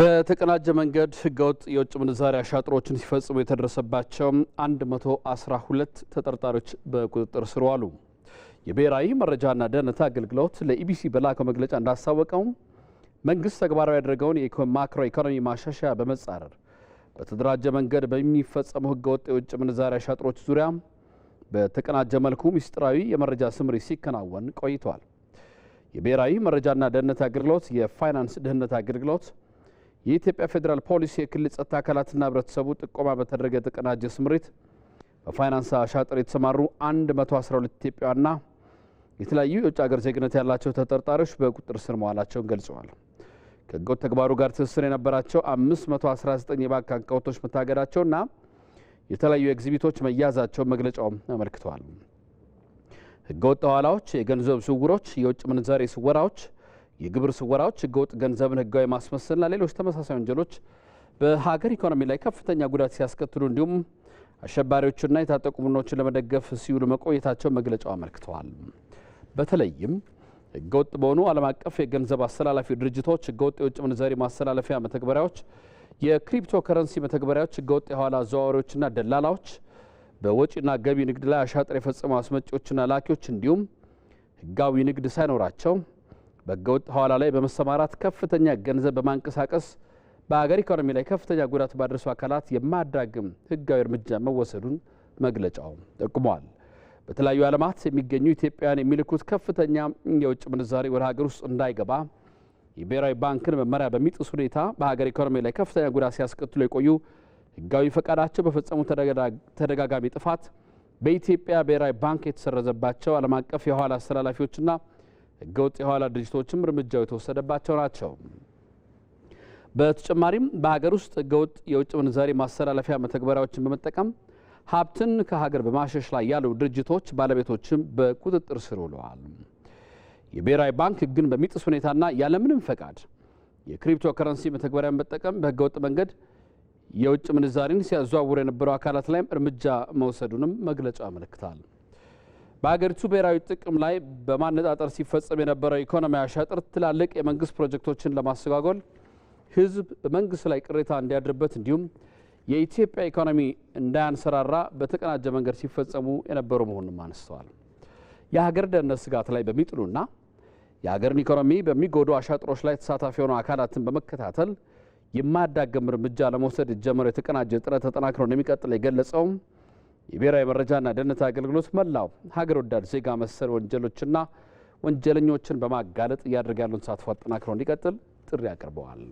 በተቀናጀ መንገድ ህገወጥ የውጭ ምንዛሪ አሻጥሮችን ሲፈጽሙ የተደረሰባቸው 112 ተጠርጣሪዎች በቁጥጥር ስር ዋሉ። የብሔራዊ መረጃና ደህንነት አገልግሎት ለኢቢሲ በላከው መግለጫ እንዳስታወቀው መንግስት ተግባራዊ ያደረገውን ማክሮ ኢኮኖሚ ማሻሻያ በመጻረር በተደራጀ መንገድ በሚፈጸሙ ህገወጥ የውጭ ምንዛሪ አሻጥሮች ዙሪያ በተቀናጀ መልኩ ሚስጥራዊ የመረጃ ስምሪ ሲከናወን ቆይቷል። የብሔራዊ መረጃና ደህንነት አገልግሎት የፋይናንስ ደህንነት አገልግሎት የኢትዮጵያ ፌዴራል ፖሊስ የክልል ጸጥታ አካላትና ህብረተሰቡ ጥቆማ በተደረገ ተቀናጀ ስምሪት በፋይናንስ አሻጥር የተሰማሩ 112 ኢትዮጵያና የተለያዩ የውጭ ሀገር ዜግነት ያላቸው ተጠርጣሪዎች በቁጥር ስር መዋላቸውን ገልጸዋል። ከህገወጥ ተግባሩ ጋር ትስስር የነበራቸው 519 የባንክ አካውንቶች መታገዳቸውና የተለያዩ ኤግዚቢቶች መያዛቸውን መግለጫውም አመልክተዋል። ህገወጥ ሐዋላዎች፣ የገንዘብ ዝውውሮች፣ የውጭ ምንዛሬ ስወራዎች የግብር ስወራዎች፣ ህገወጥ ገንዘብን ህጋዊ ማስመሰልና ሌሎች ተመሳሳይ ወንጀሎች በሀገር ኢኮኖሚ ላይ ከፍተኛ ጉዳት ሲያስከትሉ እንዲሁም አሸባሪዎችና የታጠቁ ቡድኖችን ለመደገፍ ሲውሉ መቆየታቸው መግለጫው አመልክተዋል። በተለይም ህገወጥ በሆኑ ዓለም አቀፍ የገንዘብ አስተላላፊ ድርጅቶች፣ ህገወጥ የውጭ ምንዛሪ ማስተላለፊያ መተግበሪያዎች፣ የክሪፕቶ ከረንሲ መተግበሪያዎች፣ ህገወጥ የኋላ አዘዋዋሪዎችና ደላላዎች፣ በወጪና ገቢ ንግድ ላይ አሻጥር የፈጸሙ አስመጪዎችና ላኪዎች እንዲሁም ህጋዊ ንግድ ሳይኖራቸው በህገወጥ ሐዋላ ላይ በመሰማራት ከፍተኛ ገንዘብ በማንቀሳቀስ በሀገር ኢኮኖሚ ላይ ከፍተኛ ጉዳት ባደረሱ አካላት የማያዳግም ህጋዊ እርምጃ መወሰዱን መግለጫው ጠቁሟል። በተለያዩ ዓለማት የሚገኙ ኢትዮጵያውያን የሚልኩት ከፍተኛ የውጭ ምንዛሬ ወደ ሀገር ውስጥ እንዳይገባ የብሔራዊ ባንክን መመሪያ በሚጥስ ሁኔታ በሀገር ኢኮኖሚ ላይ ከፍተኛ ጉዳት ሲያስከትሉ የቆዩ ህጋዊ ፈቃዳቸው በፈጸሙ ተደጋጋሚ ጥፋት በኢትዮጵያ ብሔራዊ ባንክ የተሰረዘባቸው ዓለም አቀፍ የኋላ አስተላላፊዎችና ህገወጥ የኋላ ድርጅቶችም እርምጃው የተወሰደባቸው ናቸው። በተጨማሪም በሀገር ውስጥ ህገወጥ የውጭ ምንዛሬ ማስተላለፊያ መተግበሪያዎችን በመጠቀም ሀብትን ከሀገር በማሸሽ ላይ ያሉ ድርጅቶች ባለቤቶችም በቁጥጥር ስር ውለዋል። የብሔራዊ ባንክ ህግን በሚጥስ ሁኔታና ያለምንም ፈቃድ የክሪፕቶ ከረንሲ መተግበሪያን በመጠቀም በህገወጥ መንገድ የውጭ ምንዛሬን ሲያዘዋውሩ የነበሩ አካላት ላይም እርምጃ መውሰዱንም መግለጫው ያመለክታል። በሀገሪቱ ብሔራዊ ጥቅም ላይ በማነጣጠር ሲፈጸም የነበረው ኢኮኖሚያዊ አሻጥር ትላልቅ የመንግስት ፕሮጀክቶችን ለማስተጓጎል ህዝብ በመንግስት ላይ ቅሬታ እንዲያድርበት እንዲሁም የኢትዮጵያ ኢኮኖሚ እንዳያንሰራራ በተቀናጀ መንገድ ሲፈጸሙ የነበሩ መሆኑንም አነስተዋል። የሀገር ደህንነት ስጋት ላይ በሚጥሉና የሀገርን ኢኮኖሚ በሚጎዱ አሻጥሮች ላይ ተሳታፊ የሆኑ አካላትን በመከታተል የማያዳግም እርምጃ ለመውሰድ ጀምሮ የተቀናጀ ጥረት ተጠናክሮ እንደሚቀጥል የገለጸውም የብሔራዊ መረጃና ደህንነት አገልግሎት መላው ሀገር ወዳድ ዜጋ መሰል ወንጀሎችና ወንጀለኞችን በማጋለጥ እያደረገ ያለውን ተሳትፎ አጠናክሮ እንዲቀጥል ጥሪ አቅርበዋል።